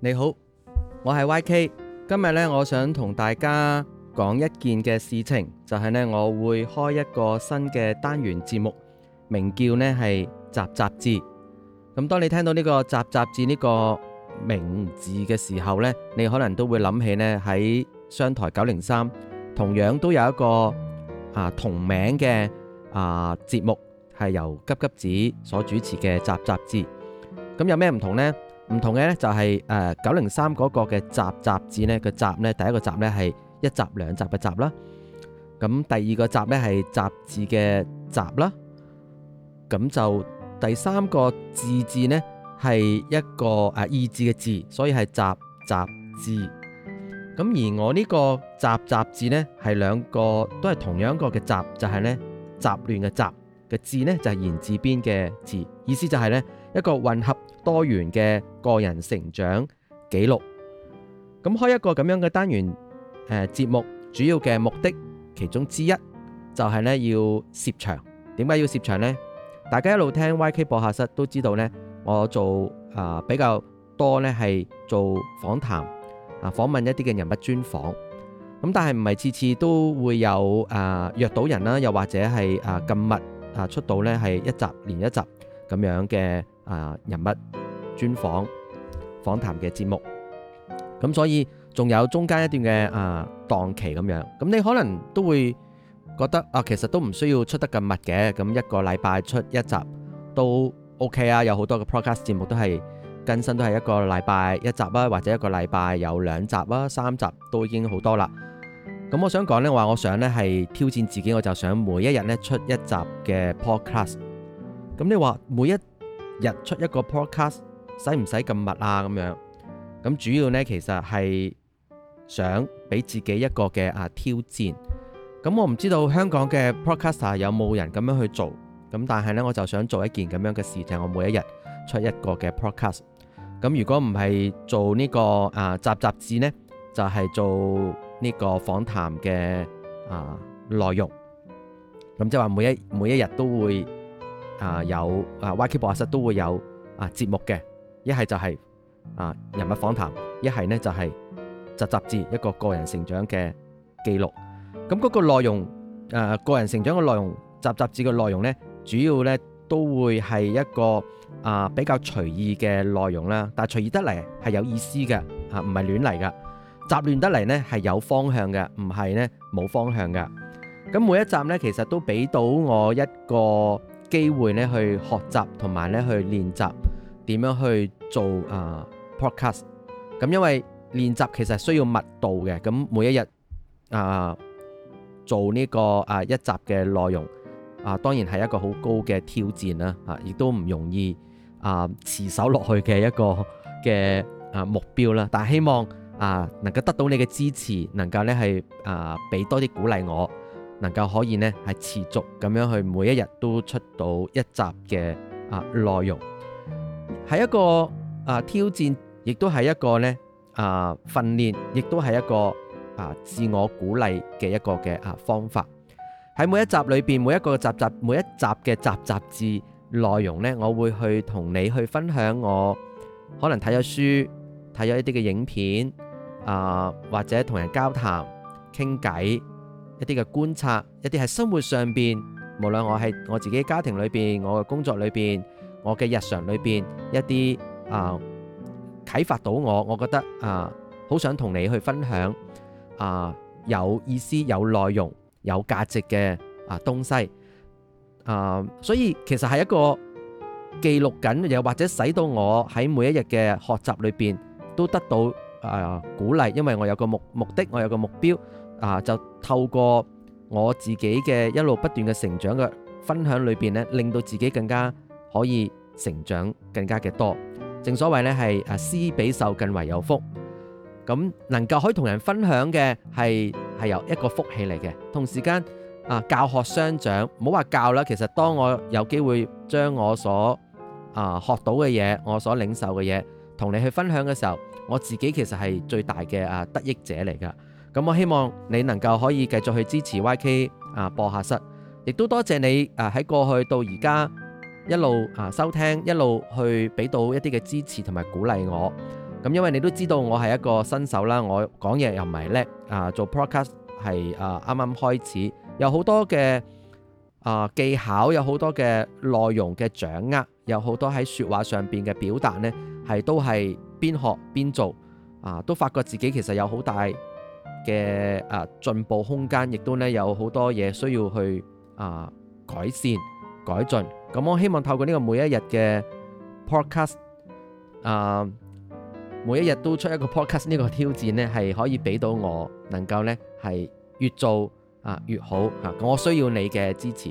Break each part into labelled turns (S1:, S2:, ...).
S1: 你好，我係 YK，今日呢我想同大家講一件嘅事情，就係、是、呢我會開一個新嘅單元節目，名叫呢係《雜雜誌》。咁當你聽到呢個《雜雜誌》呢個名字嘅時候呢，你可能都會諗起呢喺商台九零三同樣都有一個啊同名嘅啊節目，係由急急子所主持嘅《雜雜誌》。咁有咩唔同呢？唔同嘅咧就係誒九零三嗰個嘅雜雜字。呢個雜呢，第一個雜呢，係一雜兩集雜嘅雜啦，咁第二個雜呢，係雜字嘅雜啦，咁就第三個字字呢，係一個誒二字嘅字，所以係雜雜字。咁而我呢個雜雜字呢，係兩個都係同樣一個嘅雜，就係呢雜亂嘅雜嘅字呢，就係言字邊嘅字，意思就係呢，一個混合多元嘅個人成長記錄，咁開一個咁樣嘅單元誒節目，主要嘅目的其中之一就係呢：要攝場。點解要攝場呢？大家一路聽 YK 播客室都知道呢我做啊、呃、比較多呢係做訪談啊，訪問一啲嘅人物專訪。咁但係唔係次次都會有啊約到人啦，又或者係啊咁密啊出到呢係一集連一集咁樣嘅。啊！人物專訪訪談嘅節目咁，所以仲有中間一段嘅啊檔期咁樣。咁你可能都會覺得啊，其實都唔需要出得咁密嘅。咁一個禮拜出一集都 OK 啊，有好多嘅 podcast 節目都係更新都係一個禮拜一集啊，或者一個禮拜有兩集啊，三集都已經好多啦。咁我想講呢話我，我想呢係挑戰自己，我就想每一日呢出一集嘅 podcast。咁你話每一日出一個 podcast，使唔使咁密啊？咁樣咁主要呢，其實係想俾自己一個嘅啊挑戰。咁、嗯、我唔知道香港嘅 podcaster 有冇人咁樣去做。咁、嗯、但係呢，我就想做一件咁樣嘅事情，就係。我每一日出一個嘅 podcast。咁、嗯、如果唔係做呢、呢個啊雜雜誌呢，就係、係、做呢個訪談嘅啊內容。咁、嗯、即係話每一每一日都會。啊，有啊，Y.K. 播客室都會有啊節目嘅。一係就係啊人物訪談，一係咧就係雜雜誌一個個人成長嘅記錄。咁嗰個內容，誒個人成長嘅內容，雜雜誌嘅內容咧，主要咧都會係一個啊比較隨意嘅內容啦。但係隨意得嚟係有意思嘅嚇，唔係亂嚟噶。雜亂得嚟咧係有方向嘅，唔係咧冇方向嘅。咁每一集咧，其實都俾到我一個。機會咧去學習同埋咧去練習點樣去做啊 podcast、呃、咁、嗯、因為練習其實需要密度嘅，咁、嗯、每一日、呃這個、啊做呢個啊一集嘅內容啊當然係一個好高嘅挑戰啦，啊亦都唔容易啊持守落去嘅一個嘅啊目標啦，但係希望啊能夠得到你嘅支持，能夠咧係啊俾多啲鼓勵我。能夠可以呢係持續咁樣去每一日都出到一集嘅啊內容，係一個啊挑戰，亦都係一個呢啊訓練，亦都係一個啊自我鼓勵嘅一個嘅啊方法。喺每一集裏邊，每一個集集，每一集嘅集集字內容呢，我會去同你去分享我可能睇咗書、睇咗一啲嘅影片啊，或者同人交談傾偈。一啲嘅觀察，一啲係生活上邊，無論我喺我自己家庭裏邊、我嘅工作裏邊、我嘅日常裏邊，一啲啊啟發到我，我覺得啊好想同你去分享啊有意思、有內容、有價值嘅啊東西啊，所以其實係一個記錄緊，又或者使到我喺每一日嘅學習裏邊都得到啊鼓勵，因為我有個目目的，我有個目標。啊！就透過我自己嘅一路不斷嘅成長嘅分享裏邊咧，令到自己更加可以成長更加嘅多。正所謂咧係啊，施比受更為有福。咁、嗯、能夠可以同人分享嘅係係由一個福氣嚟嘅，同時間啊教學相長，唔好話教啦。其實當我有機會將我所啊學到嘅嘢，我所領受嘅嘢同你去分享嘅時候，我自己其實係最大嘅啊得益者嚟噶。咁我希望你能夠可以繼續去支持 YK 啊播客室，亦都多謝你啊喺過去到而家一路啊收聽，一路去俾到一啲嘅支持同埋鼓勵我。咁因為你都知道我係一個新手啦，我講嘢又唔係叻啊，做 podcast 係啊啱啱開始，有好多嘅啊技巧，有好多嘅內容嘅掌握，有好多喺説話上邊嘅表達呢，係都係邊學邊做啊，都發覺自己其實有好大嘅啊進步空間，亦都咧有好多嘢需要去啊改善、改進。咁我希望透過呢個每一日嘅 Podcast 啊，每一日都出一個 Podcast 呢個挑戰咧，係可以俾到我能夠呢係越做啊越好啊。我需要你嘅支持。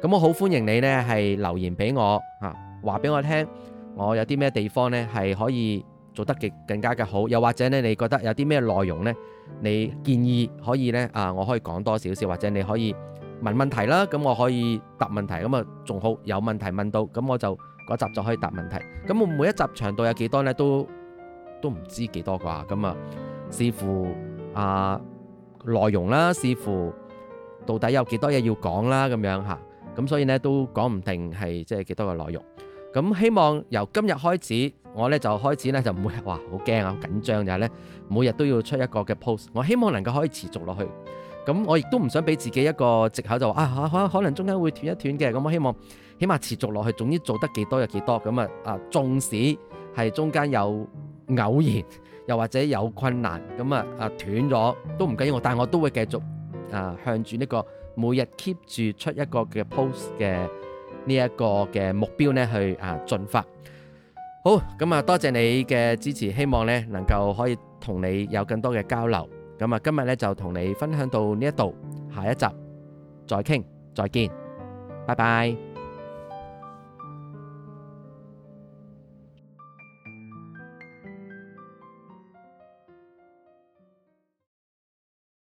S1: 咁我好歡迎你呢係留言俾我啊，話俾我聽，我有啲咩地方呢係可以。做得嘅更加嘅好，又或者呢，你覺得有啲咩內容呢？你建議可以呢，啊，我可以講多少少，或者你可以問問題啦，咁我可以答問題，咁咪仲好有問題問到，咁我就嗰集就可以答問題。咁我每一集長度有幾多呢？都都唔知幾多啩，咁啊視乎啊內容啦，視乎到底有幾多嘢要講啦，咁樣吓，咁所以呢，都講唔定係即係幾多個內容。咁希望由今日開始，我咧就開始咧就唔會哇好驚啊，好緊張就係咧，每日都要出一個嘅 post。我希望能夠可以持續落去。咁我亦都唔想俾自己一個藉口，就話啊可、啊啊、可能中間會斷一斷嘅。咁我希望起碼持續落去，總之做得幾多有幾多。咁啊啊，縱使係中間有偶然，又或者有困難，咁啊啊斷咗都唔緊要，我但係我都會繼續啊向住呢個每日 keep 住出一個嘅 post 嘅。呢一個嘅目標呢，去啊進發。好，咁啊，多謝你嘅支持，希望呢能夠可以同你有更多嘅交流。咁啊，今日呢就同你分享到呢一度，下一集再傾，再見，拜拜。